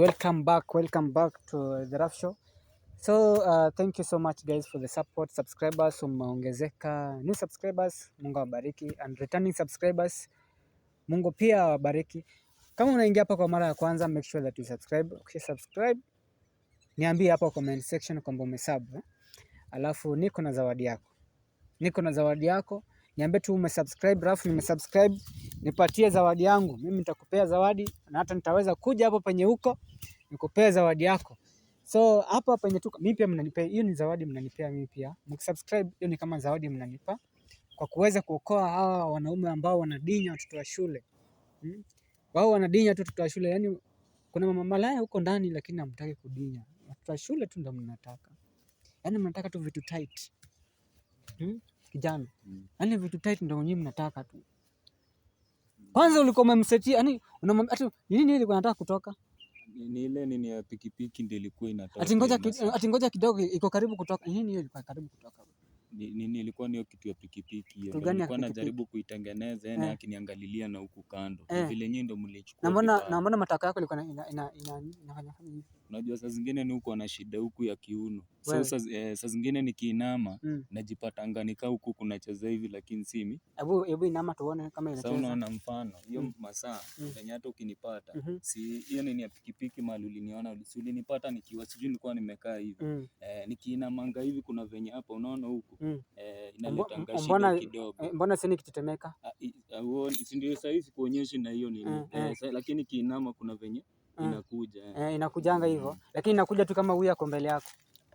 Welcome back, welcome back to the Rough Show. So uh, thank you so much guys for the support. Subscribers umeongezeka, new subscribers Mungu awabariki, and returning subscribers Mungu pia awabariki. Kama unaingia hapa kwa mara ya kwanza, make sure that you subscribe. okay, subscribe, niambie hapa comment section kwamba umesub eh? Alafu niko na zawadi yako, niko na zawadi yako niambie tu umesubscribe, alafu nimesubscribe, nipatie zawadi yangu. Mimi nitakupea zawadi na hata nitaweza kuja hapo penye huko nikupea zawadi yako. So hapa hapa penye tuko mimi pia mnanipea hiyo, ni zawadi mnanipea mimi pia. Mkisubscribe hiyo ni kama zawadi mnanipa kwa kuweza kuokoa hawa wanaume ambao wanadinya watoto wa shule. Hmm? Wao wanadinya tu watoto wa shule, yani kuna mama malaya huko ndani lakini hamtaki kudinya. Watoto wa shule tu ndio mnataka. Yaani mnataka tu vitu tight. Hmm? kijana. Mm. Yaani vitu tight ndio nyinyi mnataka tu. Kwanza ulikuwa umemsetia, yaani unamwambia ati nini nini ilikuwa nataka kutoka? Ni ile nini ya pikipiki ndio ilikuwa inataka. Ati ngoja ati ngoja kidogo iko karibu kutoka. Nini nini ilikuwa karibu kutoka? Ni Nini ilikuwa ni kitu ya pikipiki hiyo. Nilikuwa najaribu kuitengeneza yani eh. akiniangalilia na huku kando. Eh. Vile nyinyi ndio mlichukua. Na mbona na mbona mataka yako ilikuwa ina ina ina inafanya hivi? Unajua saa zingine ni huko na shida huku ya kiuno. So saa eh, saa zingine nikiinama Mm. najipatanga nikaa huku kunacheza hivi lakini simi. Hebu hebu inama tuone kama inacheza. Sasa unaona mfano hiyo Mm. masaa Mm. yenye hata ukinipata Mhm. si hiyo ni ya pikipiki mali uliniona uli- si ulinipata nikiwa sijui nilikuwa nimekaa hivi Mm. eh, nikiinamanga hivi kuna venye hapa unaona huku Mm. eh, inaletanga shida eh, mbona- kidogo eh, Mbona sini kitetemeka? Ah, i- ah, huo- si ndio sahizi kuonyeshi na hiyo nini Mm, eh, mm. lakini kiinama kuna venye Ah. inakuja eh. eh, inakujanga hivyo mm. Lakini inakuja tu kama huyu ako mbele yako.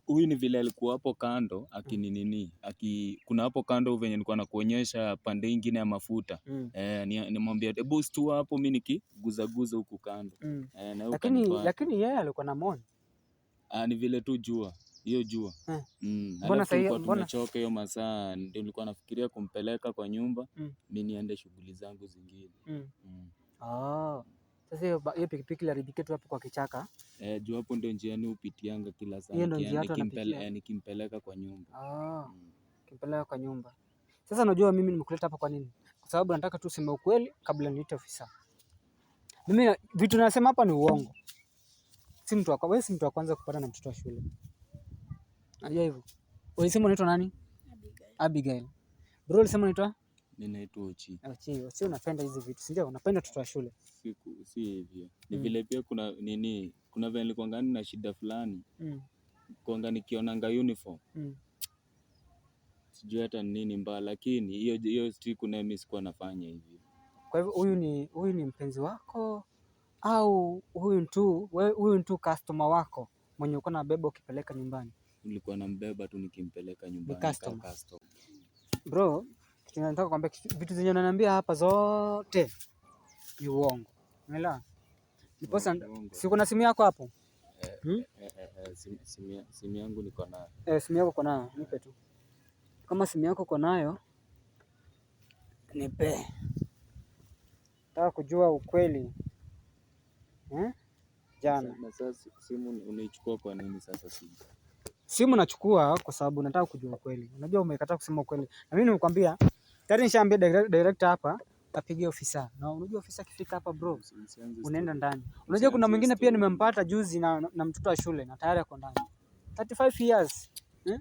Huyu ni vile alikuwa hapo kando akininini aki, kuna hapo kando venye nilikuwa nakuonyesha pande ingine ya mafuta mm. Eh, nimwambia the boss tu hapo mimi nikiguzaguza huku kando mm. Eh, na lakini lakini yeye yeah, alikuwa na moni ah, ni vile tu jua hiyo jua eh. mm. tumechoka hiyo masaa, ndio nilikuwa nafikiria kumpeleka kwa nyumba mm. Mimi niende shughuli zangu zingine mm. Mm. Oh. Sasa hiyo hiyo pikipiki iliharibika tu hapo kwa kichaka. Eh, juu hapo ndio njia niupitianga kila saa. Hiyo ndio njia watu wanapitia. Eh, nikimpeleka kwa nyumba. Ah. Mm. Kimpeleka kwa nyumba. Sasa unajua mimi nimekuleta hapa kwa nini? Kwa sababu nataka tu useme ukweli kabla niite ofisa. Mimi vitu nasema hapa ni uongo. Si mtu wako, wewe si mtu wa kwanza kupata na mtoto wa shule. Unajua hivyo. Wewe sema unaitwa nani? Abigail. Abigail. Bro ulisema unaitwa? Ninaitwa Ochi. Ochi, Ochi unapenda hizi vitu, si ndio? Unapenda tutoa shule. Si, si hivyo. Ni mm. vile pia kuna nini? Kuna vile nilikuwa na shida fulani. Mm. Kwanga nga uniform. Mm. Sijui hata nini mbaya lakini hiyo hiyo siku na mimi sikuwa nafanya hivyo. Kwa hivyo huyu ni huyu ni mpenzi wako au huyu tu huyu tu customer wako mwenye uko nabeba ukipeleka nyumbani? Nilikuwa nambeba tu nikimpeleka nyumbani. Ni customer. Bro, Nataka kukwambia vitu zenye unaniambia hapa zote ni uongo. Unaelewa? Niposa si kuna simu yako hapo? Eh, Hmm? Eh, eh, eh, eh simu simu yangu niko nayo. Eh, simu yako uko nayo? Nipe tu. Kama simu yako uko nayo nipe. Nataka kujua ukweli. Eh? Jana. Na sasa simu unaichukua kwa nini sasa simu? Simu nachukua kwa sababu nataka kujua ukweli. Unajua umekataa kusema ukweli. Na mimi nimekwambia Tayari nishaambia director hapa apigie ofisa. Na unajua ofisa akifika hapa bro, unaenda ndani. Unajua kuna mwingine pia nimempata juzi na, na mtoto wa shule na tayari ako ndani. 35 years. Eh?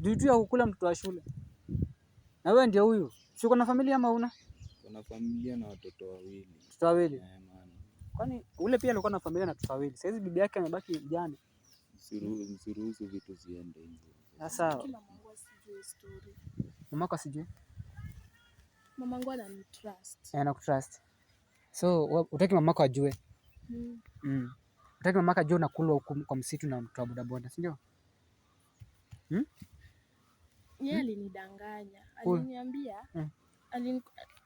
Dudu ya kukula mtoto wa shule. Na wewe ndio huyu. Si uko na familia ama una? Kuna familia na watoto wawili. Watoto wawili. Yeah, kwani ule pia alikuwa na familia na watoto wawili. Sasa hizi bibi yake amebaki mjane. Msiruhusu vitu ziende hivyo. Ah, sawa. Mama yako sijui. Mamangu ananitrust. Eh, anakutrust. So utaki mamako ajue. Mm. Mm. Utaki mamako ajue unakulwa huku kwa msitu na mtu wa bodaboda, si ndio? Mm? Yeye hmm? alinidanganya. Aliniambia mm. alin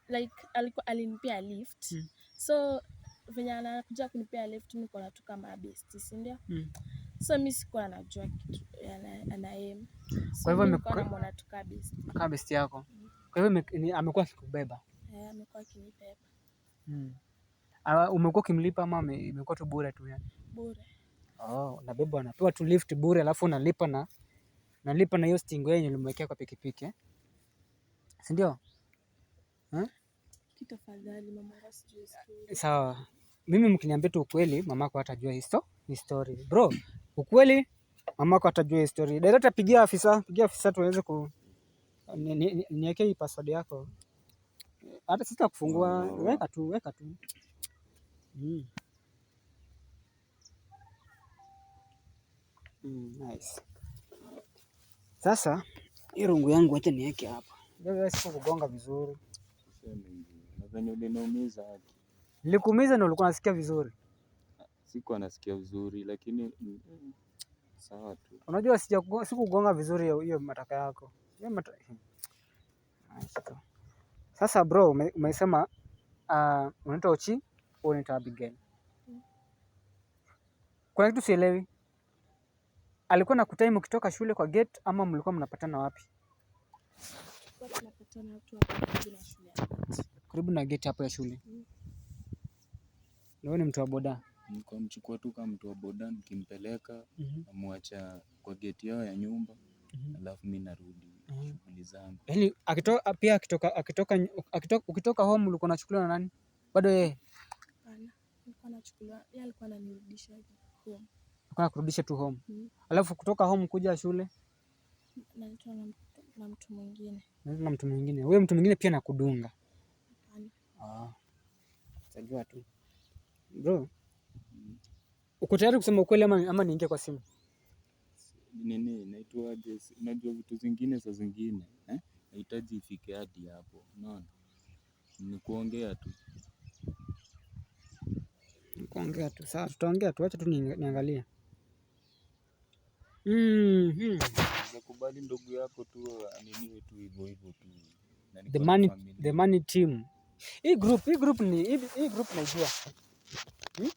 like alikuwa alinipea lift. Mm. So venye anakuja kunipea lift niko na tu kama besti, si ndio? Mm. So mimi sikuwa najua kitu ana kwa hivyo nimekuwa naona tu kama besti yako. Mm. Kwa hivyo amekuwa akikubeba. He, eh, amekuwa akinibeba. Hmm. Ah, umekuwa ukimlipa ama imekuwa tu bure tu yani? Bure. Oh, unabebwa anapewa tu lift bure alafu unalipa na unalipa na hiyo stingo yenye ulimwekea kwa pikipiki eh? Si ndio? Kitu afadhali mamangu sijui stori. Eh, sawa. Mimi mkiniambia tu ukweli mamako atajua hii stori. Bro, ukweli mamako atajua hii story. Direct pigia afisa, pigia afisa tuweze ku niwekee hii password yako. Hata sita kufungua, ah, weka tu, weka tu mm. Mm, nice. Sasa hii rungu yangu acha niweke hapa, kugonga vizuri, nilikuumiza na ulikuwa unasikia vizuri. Siku anasikia vizuri lakini, mm, sawa tu. Unajua sikugonga vizuri hiyo mataka yako sasa bro, umesema uh, unaitwa Ochi au unaitwa Abigail? Kuna kitu sielewi. Alikuwa na kutime ukitoka shule kwa gate ama mlikuwa mnapatana wapi? Karibu na gate hapo ya shule. Wewe ni mtu wa boda? Nikamchukua tu kama mtu wa boda nikimpeleka, mhm. namwacha kwa gate yao ya nyumba, mhm. alafu mimi narudi shughuli zangu. Yaani akitoka pia akitoka akitoka ukitoka home ulikuwa unachukuliwa na nani? Bado yeye? Hapana. Nilikuwa nachukuliwa, yeye alikuwa ananirudisha home. Alikuwa anakurudisha tu home. Mm. Alafu kutoka home kuja shule? Naitwa na mtu mwingine. na mtu mwingine. mtu mwingine pia anakudunga? Hapana. Ah. tu. Bro. Mm. Uko tayari kusema ukweli ama ama niingie kwa simu? nini inaitwa unajua vitu zingine saa zingine eh, nahitaji ifike hadi hapo, unaona, ni kuongea tu kuongea tu. Sasa tutaongea tu, acha tu niangalie. mm ndugu yako tu aniniwe tu hivyo hivyo tu, the money the money team. Hii group hii group ni hii group, najua hmm?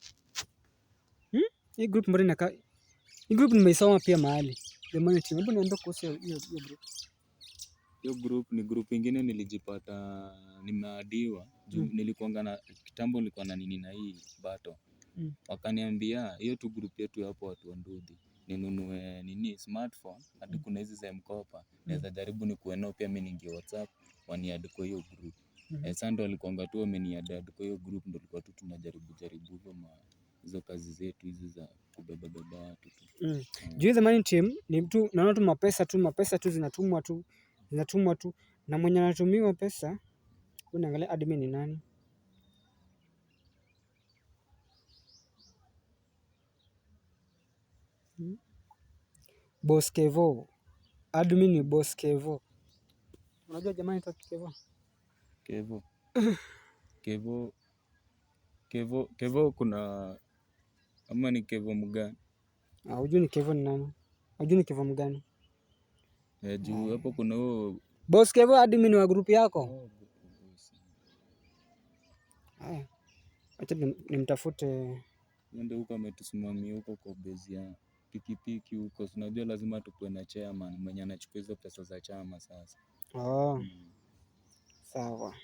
hmm? hii group mbona inakaa hii group nimeisoma pia mahali. The money team. Hebu niambie kuhusu hiyo hiyo group. Hiyo group ni group ingine nilijipata nimeadiwa juu mm. Nilikuanga na kitambo nilikuwa na nini na hii bato mm. Wakaniambia hiyo tu group yetu hapo watu wa Ndudhi ninunue nini smartphone hadi mm. kuna hizi za mkopa mm. naweza jaribu ni kuenao pia mimi ningi WhatsApp waniadi kwa hiyo group. Mm -hmm. Eh, sasa ndo alikuanga tu ameniadi kwa hiyo group ndo tulikuwa tu tunajaribu jaribu hivyo hizo kazi zetu hizi za kubeba beba watu tu mm. mm. Juu zamani team ni mtu naona tu mapesa tu mapesa tu zinatumwa tu zinatumwa tu, na mwenye anatumiwa pesa, unaangalia admin ni nani? hmm? Kevo. admin ni Kevo. Unajua jamani, Kevo Kevo Kevo Kevo, Kevo kuna ama ni Kevo mgani? Ah, hujui ni Kevo ni nani? Hujui ni Kevo mgani? Eh, juu hapo kuna huo Boss Kevo admin wa grupu yako. Oh, Haya. Acha nimtafute ndio huko ametusimamia huko kwa base ya pikipiki huko. Unajua lazima tukuwe na chairman mwenye anachukua hizo pesa za chama sasa. Oh. Hmm. Sawa.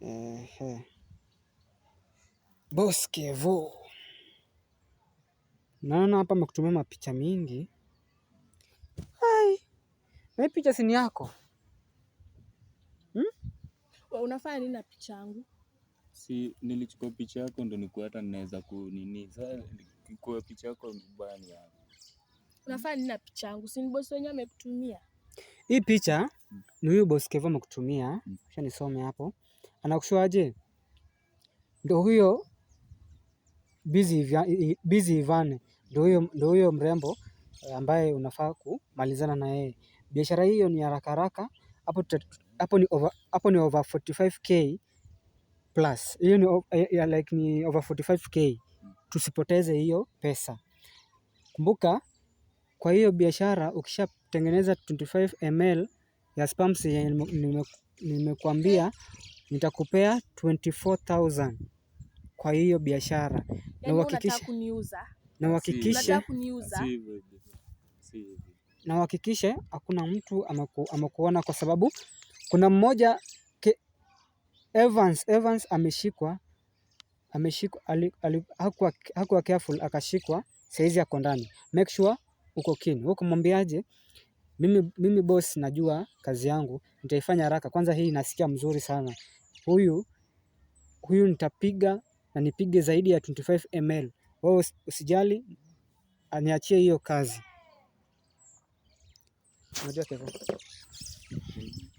Ehe. Boss Kevo. Naona hapa mekutumia mapicha mingi. Hai. Na hii picha si ni yako? Hmm? unafanya nini na picha yangu? Si nilichukua picha yako ndo nikuwa hata ninaweza kunini. Sasa picha yako mbaya ni yangu. Unafanya nini na picha yangu? Si ni bosi wenyewe amekutumia. Hii picha hmm. ni huyu boss Kevo amekutumia. Acha hmm. nisome hapo. anakushuaje Ndio huyo Busy Ivan ndio huyo mrembo eh, ambaye unafaa kumalizana na yeye. Biashara hiyo ni haraka haraka hapo ni over 45k plus hiyo eh, like ni over 45k tusipoteze hiyo pesa. Kumbuka kwa hiyo biashara ukishatengeneza 25ml ya spams nimekuambia, nime nitakupea 24000 kwa hiyo biashara na uhakikishe hakuna mtu amaku, kwa sababu kuna mmoja ke, Evans, Evans ameshikwa ameshikwa hakuwa hakuwa careful akashikwa, saizi ako ndani. Make sure uko kini wewe kumwambiaje? Mimi, mimi boss, najua kazi yangu nitaifanya haraka. Kwanza hii inasikia mzuri sana, huyu huyu nitapiga na nipige zaidi ya 25 ml. Wewe usijali, aniachie hiyo kazi. Unajua Kevin?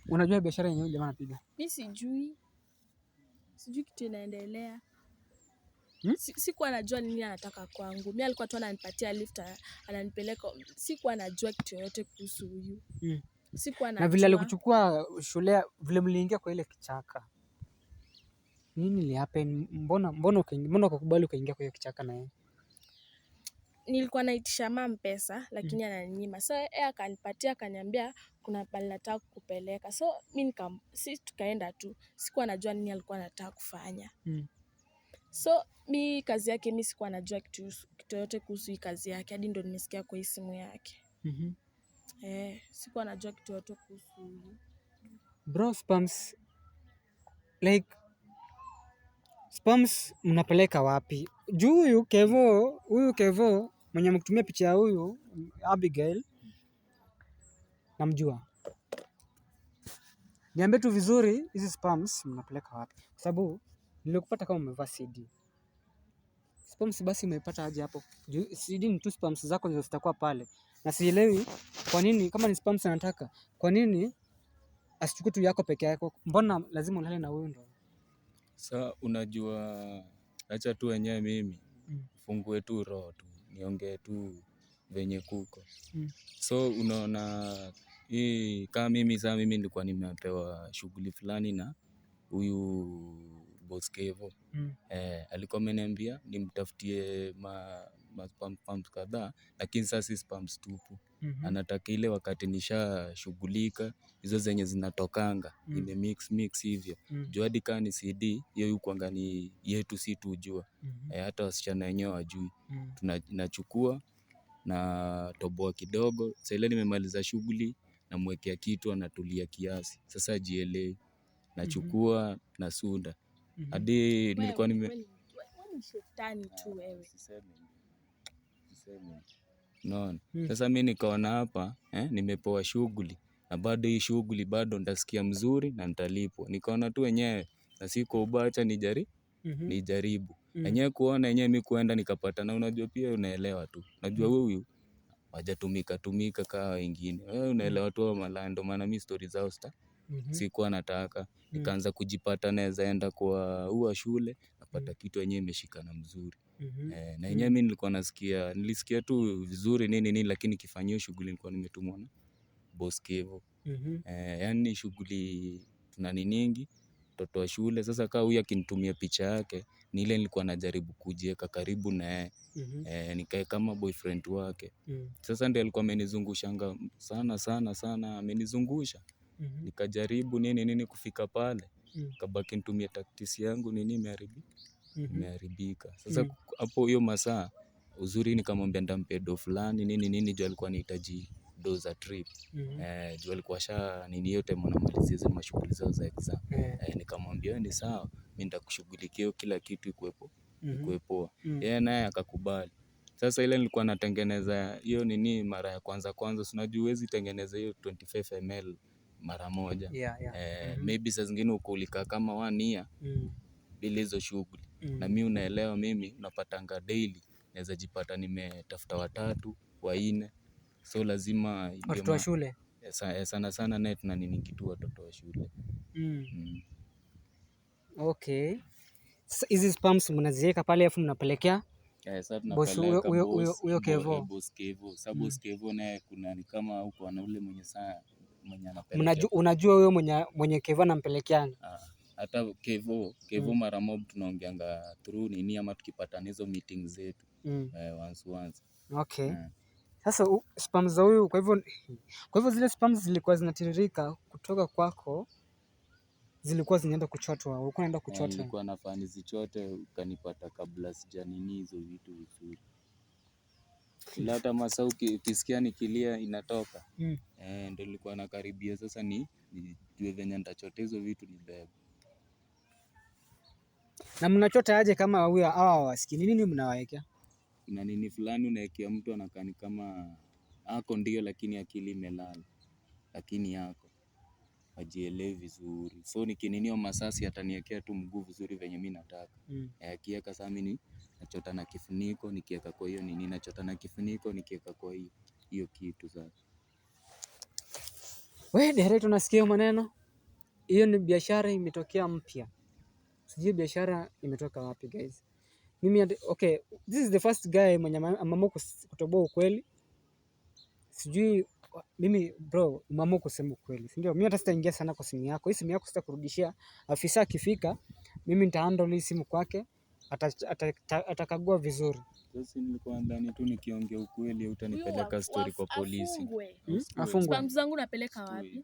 Unajua biashara yenyewe jamaa anapiga? Mimi sijui. Sijui kitu inaendelea. Hmm? Sikuwa si najua nini anataka kwangu. Mimi alikuwa tu ananipatia lift, ananipeleka. Sikuwa najua kitu yoyote kuhusu huyu. Hmm. Sikuwa najua. Na vile alikuchukua shule, vile mliingia kwa ile kichaka. Nini happen? mbona mbona mbona ukakubali ukaingia kwa hiyo kichaka na yeye? Nilikuwa naitisha mam pesa mm. lakini mm. ananinyima. So yeye akanipatia akaniambia kuna pale nataka kukupeleka. So mimi nika si tukaenda tu. Sikuwa najua nini alikuwa anataka kufanya. Mm. So mi kazi yake mi sikuwa najua kitu kitu yote kuhusu hii kazi yake hadi ndo nimesikia kwa hii simu yake. Mhm. eh, sikuwa najua kitu yote kuhusu. Bro spams like Sperms mnapeleka wapi? Juu huyu Kevo, huyu Kevo mwenye mkutumia picha ya huyu Abigail namjua. Niambie tu vizuri hizi sperms mnapeleka wapi? Kwa sababu nilikupata kama umevaa CD. Sperms basi umeipata aje hapo? CD ni tu sperms zako ndio zitakuwa pale. Na sielewi kwa nini kama ni sperms anataka, kwa nini asichukue tu yako peke yako? Mbona lazima ulale na huyu ndio? Sa unajua acha tu wenyewe mimi mm. fungue tu roho tu niongee tu venye kuko mm. So unaona hii kama mimi saa mimi nilikuwa nimepewa shughuli fulani na huyu Boskevo mm. Eh, alikuwa ameniambia nimtafutie pump pumps kadhaa lakini sasa si pumps tupu mm -hmm. Anataka ile wakati nishashughulika hizo zenye zinatokanga mm -hmm. Ime mix mix hivyo mm -hmm. Juu hadi kaa ni CD hiyo yukwanga ni yetu si tujua mm -hmm. E, eh, hata wasichana wenyewe wajui mm -hmm. Tunachukua na toboa kidogo, saile nimemaliza shughuli namwekea kitu anatulia kiasi, sasa ajielewi. Mhm. Nachukua mm -hmm. na sunda mhm. hadi mm-hmm. nilikuwa nime shetani tu wewe. Unaona? Hmm. Sasa mi nikaona hapa eh, nimepewa shughuli na bado hii shughuli bado ntasikia mzuri na ntalipwa. Nikaona tu wenyewe na siko ubacha nijari mm -hmm. nijaribu. Enyewe kuona enyewe mi kuenda nikapata, na unajua pia unaelewa tu. najua Unajua hmm. huyu wajatumika tumika kaa wengine. eh, unaelewa tu hao malaya ndo maana mi stori zao sta mm -hmm. sikuwa nataka. Hmm. Nikaanza kujipata naeza enda kwa huwa shule napata mm -hmm. kitu yenye imeshikana mzuri. Mm-hmm. Eh, na mm-hmm. yenyewe mi nilikuwa nasikia, nilisikia tu vizuri nini nini, lakini kifanyio shughuli nilikuwa nimetumwa na boss Kevo. Mm-hmm. Eh, yaani shughuli tuna ni nyingi, mtoto wa shule. Sasa kaa huyu akinitumia picha yake, ni ile nilikuwa najaribu kujieka karibu naye mm -hmm. E, Nikae kama boyfriend wake. mm. Sasa ndiye alikuwa amenizungushanga sana sana sana, amenizungusha. mm -hmm. Nikajaribu nini nini kufika pale, mm. Kabaki anitumie taktisi yangu nini imeharibika. Mm-hmm. imeharibika. Sasa mm-hmm. hapo mm. hiyo masaa uzuri ni kama mbenda mpedo fulani nini nini juu alikuwa anahitaji do za trip. Mm -hmm. Eh, juu alikuwa sha nini yote mwanamalizia zile mashughuli zao za exam. Mm -hmm. Eh, nikamwambia ni sawa, mimi nitakushughulikia kila kitu ikuepo mm -hmm. Mm -hmm. Yeye naye akakubali. Sasa ile nilikuwa natengeneza hiyo nini mara ya kwanza kwanza, si unajua huwezi tengeneza hiyo 25 ml mara moja. Yeah, yeah. Eh, mm -hmm. Maybe saa zingine ukulika kama one year mm -hmm. bila hizo shughuli na mm. mi unaelewa mimi unapatanga daily naweza jipata nimetafuta watatu wanne so lazima watoto wa shule eh, eh, sana sana naye tunanini kitu watoto wa shule mm. Mm. okay hizi spams mnaziweka pale alafu mnapelekea eh, huyo Kevo sa boss Kevo naye kuna ni kama huko ana ule mwenye saa mwenye unajua huyo mwenye Kevo anampelekeanga ah hata Kevo Kevo mm. mara mob tunaongeanga through nini ama tukipatana hizo meeting zetu mm. eh, once once. Okay. Yeah. Sasa spam za huyu kwa hivyo kwa hivyo zile spam zilikuwa zinatiririka kutoka kwako zilikuwa zinaenda kuchotwa, ulikuwa unaenda eh, kuchota. Yeah, nilikuwa nafani zichote ukanipata kabla sija nini hizo vitu vizuri ila hata masaa ukisikia nikilia inatoka mm. E, eh, ndo nilikuwa nakaribia sasa ni nijue venye nitachota hizo vitu nibebe. Na mnachota aje kama huyo hawa hawasikii? Ni nini mnawaekea? Kuna nini fulani unaekea mtu anakaa kama ako ndio, lakini akili imelala, lakini yako ajielewi vizuri, so nikininio masasi ataniekea tu mguu vizuri venye mimi nataka mm. Eh, Akiweka sami ni nachota na kifuniko, nikiweka kwa hiyo nini nachota na kifuniko, nikiweka kwa hiyo hiyo kitu sasa. We direct, unasikia maneno hiyo? Ni biashara imetokea mpya. Sijui biashara imetoka wapi guys. Mimi okay, this is the first guy mwenye mamo kutoboa ukweli. Sijui mimi bro, mamo kusema ukweli, si ndio? Mimi hata sitaingia sana kwa simu yako. Hii simu yako sitakurudishia. Afisa akifika, mimi nitahandle hii simu kwake, atakagua vizuri. Sasa nilikuwa ndani tu nikiongea ukweli, utanipeleka story kwa polisi. Afungwe. Hmm? Spams zangu napeleka wapi?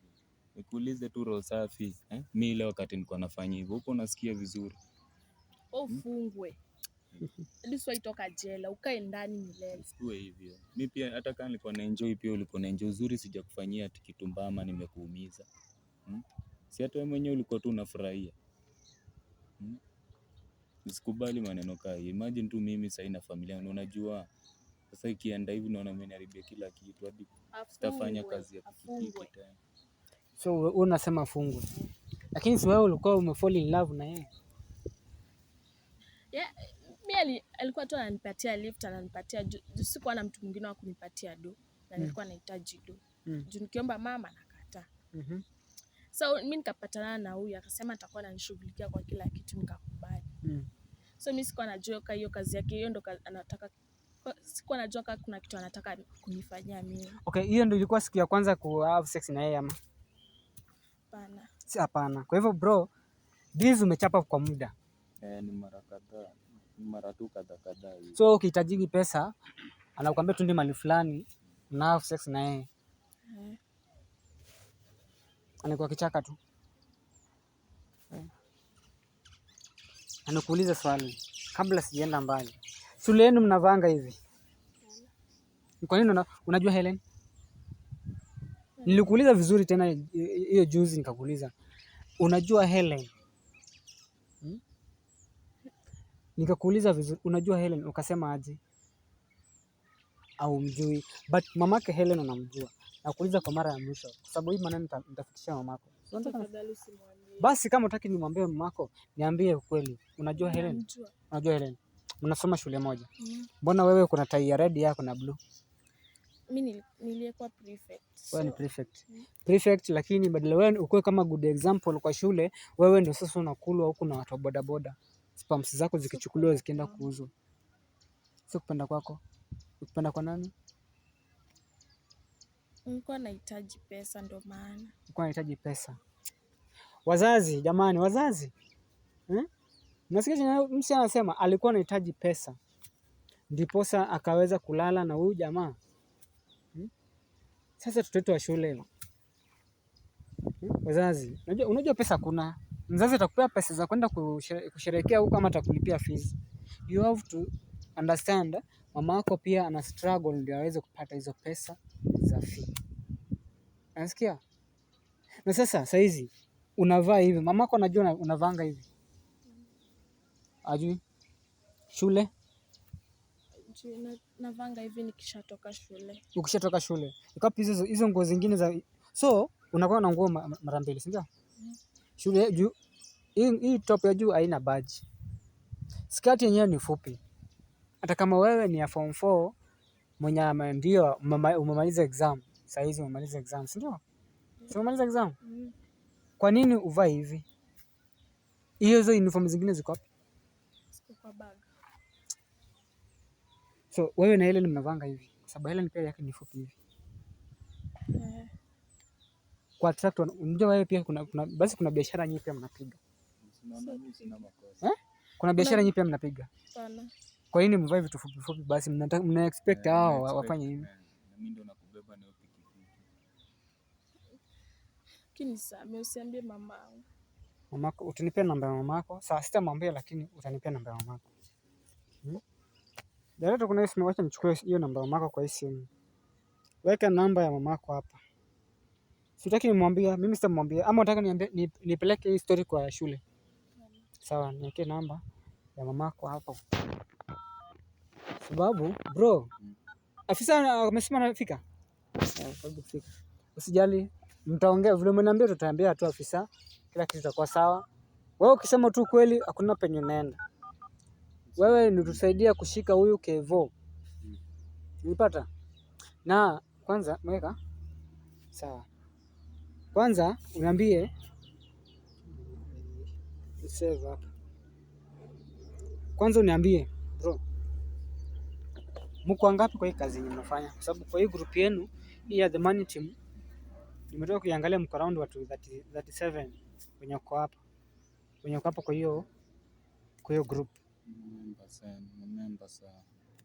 Nikuulize tu roho safi eh? Mi leo wakati niko nafanya hivyo huko unasikia vizuri. Ufungwe. Oh, Liswa itoka jela, ukae ndani milele. Uwe hivyo. Mi pia hata kama nilikuwa na enjoy pia ulikuwa na enjoy uzuri, sijakufanyia kitu mbaya nimekuumiza. Hmm? Si hata wewe mwenyewe ulikuwa tu unafurahia. Hmm? Usikubali maneno kaya. Imagine tu mimi sasa na familia na unajua sasa ikienda hivi naona mimi naharibia kila kitu hadi sitafanya kazi ya pikipiki tena. So unasema fungwe. Lakini si wewe ulikuwa umefall in love na yeye. Yeah, mimi alikuwa tu ananipatia lift, ananipatia sikuwa na mtu mwingine wa kunipatia do. Na mm. nilikuwa nahitaji do. Mm. Juu nikiomba mama nakataa. Mhm. So mimi nikapatana na huyu akasema atakuwa ananishughulikia kwa kila kitu nikakubali. Mm. So mimi sikuwa najua hiyo kazi yake hiyo ndo anataka sikuwa najua kuna kitu anataka kunifanyia mimi. Okay, hiyo ndio ilikuwa siku ya kwanza ku have sex na yeye ama? Si hapana. Kwa hivyo bro, deals umechapa kwa muda. Eh, ni mara kadhaa. Ni mara tu kadha kadha hivi. So ukihitajiki pesa, anakuambia tu ndio mali fulani, na have sex na yeye. Eh. Anakuwa kichaka tu. Eh. Anakuuliza swali kabla sijaenda mbali. Shuleni mnavanga hivi. Kwa nini unajua Helen? Nilikuuliza vizuri tena hiyo juzi nikakuuliza, unajua Helen Hmm? Nikakuuliza vizuri, unajua Helen? ukasema aje? Au mjui? But mamake Helen unamjua. Nakuuliza kwa mara ya mwisho kwa sababu hii maneno nitafikishia mamako. Basi kama utaki nimwambie mamako, niambie ukweli. Unajua Helen? Unajua Helen? Mnasoma shule moja. Hmm. Mbona wewe kuna tai ya red yako na blue? mimi nilikuwa prefect. Wewe prefect. Mm. Prefect lakini badala wewe ukuwe kama good example kwa shule, wewe ndio sasa unakulwa huku na watu wa boda boda. Spams zako zikichukuliwa zikienda mm. kuuzwa. Sio kupenda kwako. Kupenda kwa nani? Nilikuwa anahitaji pesa ndio maana. Nilikuwa anahitaji pesa. Wazazi jamani, wazazi hmm? Eh? Nasikia msi anasema alikuwa anahitaji pesa ndiposa akaweza kulala na huyu jamaa. Sasa tutoto wa shule, wazazi, hmm? unajua, unajua pesa kuna mzazi atakupea pesa za kwenda kusherehekea huko ama atakulipia fees. You have to understand, mama yako pia ana struggle ndio aweze kupata hizo pesa za fee. Unasikia? Na sasa saa hizi unavaa hivi, mama yako anajua unavanga hivi, ajui shule navanga hivi nikishatoka shule. Ukishatoka shule ikapi hizo hizo nguo zingine za so unakuwa na nguo mara mbili, si ndio? Mm. Shule juu hii top ya juu haina baji, skati yenyewe ni fupi. Hata kama wewe ni ya form 4 mwenye ndio umemaliza exam saa hizi, umemaliza exam si ndio? Mm. Umemaliza exam, mm. kwa nini uvai hivi? Hiyo hizo uniform zingine ziko wapi? So wewe na Helen mnavanga hivi kwa sababu Helen pia yake ni fupi hivi. Eh. Kwa tractor. unajua wewe pia kuna, kuna basi kuna biashara nyingi pia mnapiga. Eh? Kuna biashara nyingi pia mnapiga. Sana. Kwa nini mvae vitu fupi fupi basi mna, expect eh, hao wafanye hivi. Eh, mimi ndo nakubeba na pikipiki. Lakini sasa usiambie mamangu. Mamako utanipea namba ya mamako. Saa sitamwambia lakini utanipea namba ya mamako. Hmm? Dareta kuna hii simu, wacha nichukue hiyo namba ya mamako kwa hii simu. Weka namba ya mamako hapa. Sitaki nimwambia, mimi sitamwambia ama nataka niambie nipeleke hii story kwa shule. Sawa, niweke namba ya mamako hapo. Sababu bro, afisa amesema anafika. Usijali, mtaongea vile umeniambia, tutaambia tu afisa, kila kitu kitakuwa sawa. Wewe ukisema tu kweli, hakuna penye unaenda wewe nitusaidia kushika huyu Kevo. Unipata? Na kwanza mweka sawa, kwanza uniambie Kwanza uniambie bro, mko wangapi kwa hii kazi yenye mnafanya? Kwa sababu kwa hii group yenu hii ya the money team nimetoka kuiangalia, mko around watu 37 wenye uko hapa, wenye uko hapa kwa hiyo kwa hiyo group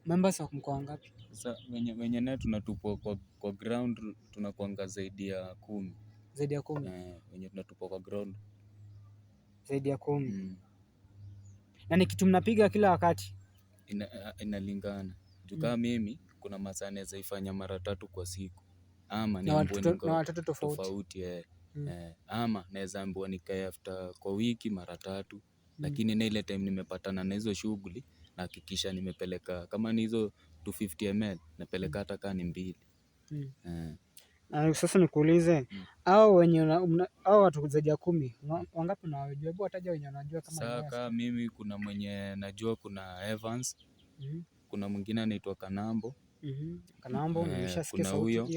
Mombasa mko wangapi? Sasa wenye naye tunatupwa kwa kwa ground tunakuanga zaidi ya kumi. Zaidi ya kumi? Eh, wenye tunatupwa kwa ground. Zaidi ya kumi. mm. Na ni kitu mnapiga kila wakati? Inalingana. ina Juu kama mm. mimi kuna masaa naeza ifanya mara tatu kwa siku. Ama na watoto tofauti. Eh. Mm. Eh, ama naweza ambiwa nikae after kwa wiki mara tatu. Mm. Lakini na ile time nimepatana na hizo shughuli nahakikisha nimepeleka kama ni hizo 250ml napeleka hata kaa ni mbili. Mm. Eh. Sasa nikuulize mm. au wenye hao watangazaji wa kumi wangapi unawajua? Hebu wataja wenye unajua kama sasa. Kama mimi kuna mwenye najua, kuna Evans, mm. kuna mwingine anaitwa Kanambo, mm Kanambo eh, nimeshasikia sauti hiyo.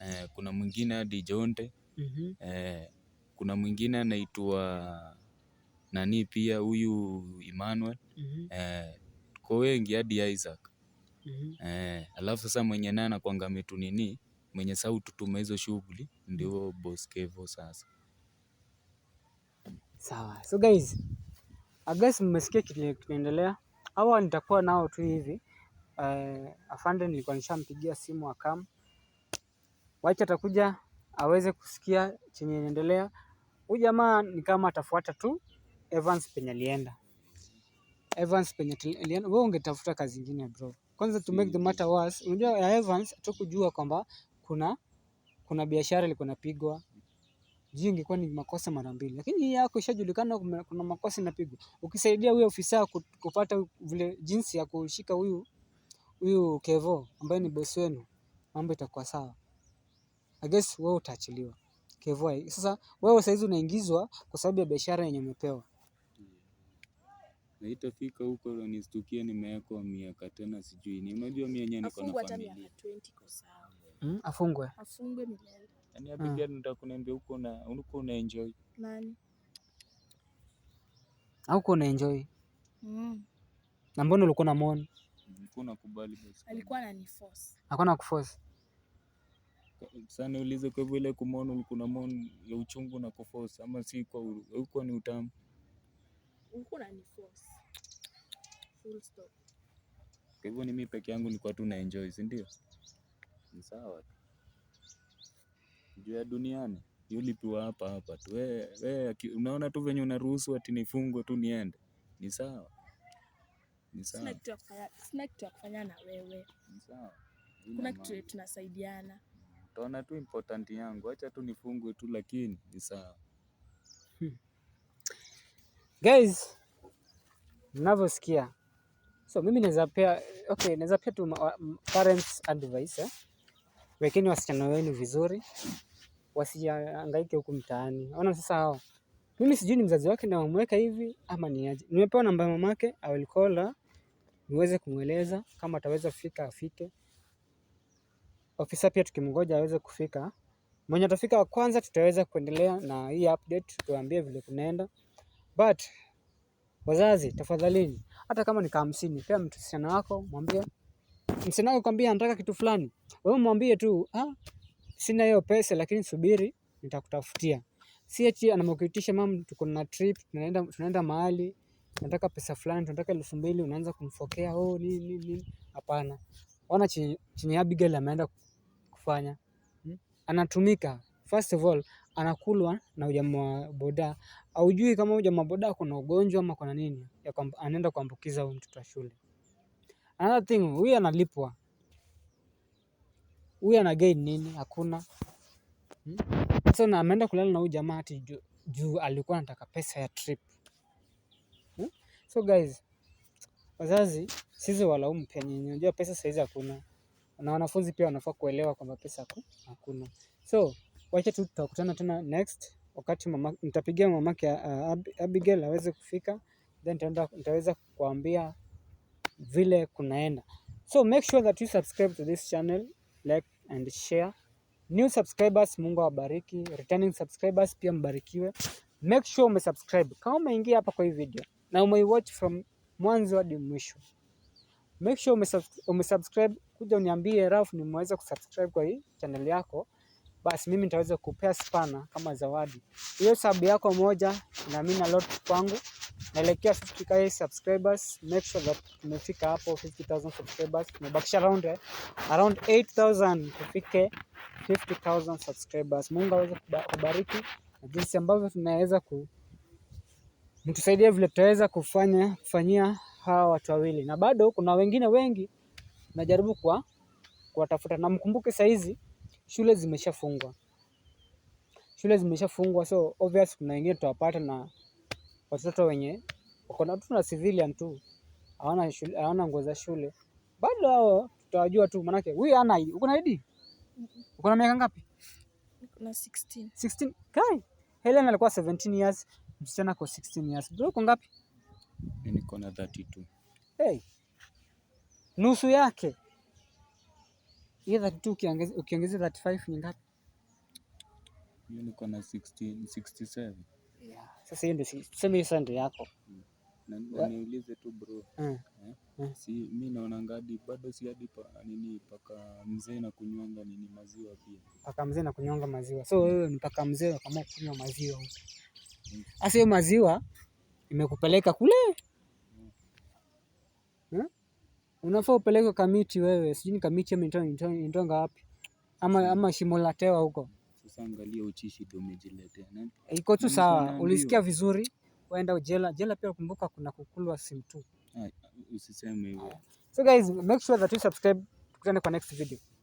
Eh, kuna mwingine hadi Jonte, mm-hmm. eh, kuna mwingine anaitwa nani pia huyu Emmanuel mm -hmm. eh, kwa wengi hadi Isaac mm -hmm. eh, alafu sasa mwenye naye anakuanga ametu nini mwenye saa ututuma hizo shughuli ndio mhm. boss Kevo sasa. Sawa. So guys, I guess mmesikia kile kinaendelea. awa nitakuwa nao tu hivi. Uh, afande nilikuwa nishampigia simu akam, wacha atakuja aweze kusikia chenye inaendelea. Huyu jamaa ni kama atafuata tu Evans penye alienda, Evans penye alienda, wewe ungetafuta kazi nyingine bro. Kwanza to make the hmm. matter worse, unajua ya Evans hatukujua kwamba kuna kuna biashara ilikuwa inapigwa juu ingekuwa ni makosa mara mbili, lakini hii yako ishajulikana kuna makosa inapigwa. Ukisaidia huyo ofisa kupata vile jinsi ya kushika huyu huyu Kevo ambaye ni boss wenu, mambo itakuwa sawa. I guess wewe utaachiliwa Kevo. Sasa wewe saizi unaingizwa kwa sababu ya biashara yenye umepewa na itafika huko ndo nistukie nimewekwa miaka tena sijui ni unajua mimi yenyewe niko na familia. Mm, afungwe. Afungwe milele. Yaani hapo pia hmm. nataka kuniambia huko na huko una enjoy. Nani? Au uko una enjoy? Mm. Na mbona ulikuwa na muone? Nilikuwa nakubali basi. Alikuwa ananiforce. Alikuwa anakuforce. Sana ulize kwa vile kumono kuna mono ya uchungu na kuforce ama si kwa huko ni utamu. huko na unaniforce full stop. Kwa hivyo ni mimi peke yangu nilikuwa tu na enjoy, si ndio? Ni sawa tu. Juu ya duniani yulipiwa hapa hapa tu. Wewe wewe unaona tu venye unaruhusu ati nifungwe tu niende. Ni sawa. Ni sawa. Sina kitu ya kufanya, sina kitu ya kufanya na wewe. Ni sawa. Kuna kitu tunasaidiana. Utaona tu important yangu, acha tu nifungwe tu lakini ni sawa. Hmm. Guys, mnavyosikia So mimi naweza pia okay, naweza pia tu parents advice eh? Wekeni wasichana wenu vizuri, wasihangaike huku mtaani. Ona sasa hao, mimi sijui ni mzazi wake na wamweka hivi ama ni aje. Nimepewa namba mamake, I will call her niweze kumweleza kama ataweza kufika afike. Ofisa pia tukimngoja aweze kufika, mwenye atafika wa kwanza, tutaweza kuendelea na hii update, tuambie vile kunaenda but Wazazi tafadhalini, hata kama ni kama hamsini, pea msichana wako mwambie, msichana wako kwambia anataka kitu fulani, wewe mwambie tu ah, sina hiyo pesa, lakini subiri nitakutafutia. Si eti anamkuitisha mama, tuko na trip, tunaenda tunaenda mahali, nataka pesa fulani, tunataka elfu mbili, unaanza kumfokea oh, nini nini. Hapana, ona chini chenye Abigail ameenda kufanya hmm? Anatumika first of all anakulwa na ujamaa wa boda aujui kama ujamaa wa boda kuna ugonjwa ama kuna nini ya kwamba anaenda kuambukiza huyu mtoto wa shule. Another thing huyu analipwa, huyu ana gain nini? Hakuna. hmm? So na ameenda kulala na huyu jamaa ati juu alikuwa anataka pesa ya trip. hmm? So guys, wazazi sisi walaumu pia nyinyi, unajua pesa saizi hakuna, na wanafunzi pia wanafaa kuelewa kwamba pesa hakuna. So Wacha tu tutakutana tena next wakati mama, nitapigia mamake uh, Abigail aweze kufika then nitaweza kukuambia vile kunaenda. So make sure that you subscribe to this channel, like and share. New subscribers, Mungu awabariki. Returning subscribers pia mbarikiwe. Make sure umesubscribe. Kama umeingia hapa kwa hii video na umeiwatch from mwanzo hadi mwisho, make sure umesubscribe, kuja uniambie Ralph, nimeweza kusubscribe kwa hii channel yako basi mimi nitaweza kupea spana kama zawadi. Hiyo sub yako moja ina mean a lot kwangu. Naelekea 50k subscribers, make sure that tumefika hapo 50000 subscribers. Tumebakisha around around 8000 tufike 50000 subscribers. Mungu aweze kubariki na jinsi ambavyo tunaweza ku mtusaidie vile tutaweza kufanya kufanyia hawa watu wawili, na bado kuna wengine wengi najaribu kwa kuwatafuta, na mkumbuke saizi shule zimeshafungwa. Shule zimeshafungwa, so obvious kuna wengine tutawapata na watoto wenye wako na tuna civilian tu hawana shule, hawana nguo za shule bado hao tutawajua tu, manake huyu ana uko na ID, uko na miaka ngapi? Niko na 16. 16 kai Helen alikuwa 17 years, msichana kwa 16 years. Bro, uko ngapi? Mimi niko na 32. Hey, nusu yake hiyo 32 ukiongeza ukiongeza 35 ni ngapi? Hiyo niko na 60, 67. Yeah. Sasa hiyo ndio tuseme hiyo ndio yako. Mm. Na niulize tu bro. Mm. Eh? Ah. Si mimi naona ngadi bado si hadi pa nini paka mzee na kunyonga nini maziwa pia. Paka mzee na kunyonga maziwa. So mm. wewe ni paka mzee kama kunywa maziwa huko. Mm. Sasa hiyo maziwa imekupeleka kule Unafaa upelekwe Kamiti wewe, sijui ni Kamiti ama inatoka wapi? Ama ama Shimo la Tewa huko. Sasa angalia uchishi ndio umejiletea. Iko tu sawa, ulisikia vizuri, waenda jela. Jela pia kumbuka kuna kukulwa sim tu. Usiseme hivyo. So guys, make sure that you subscribe. Tukutane kwa next video.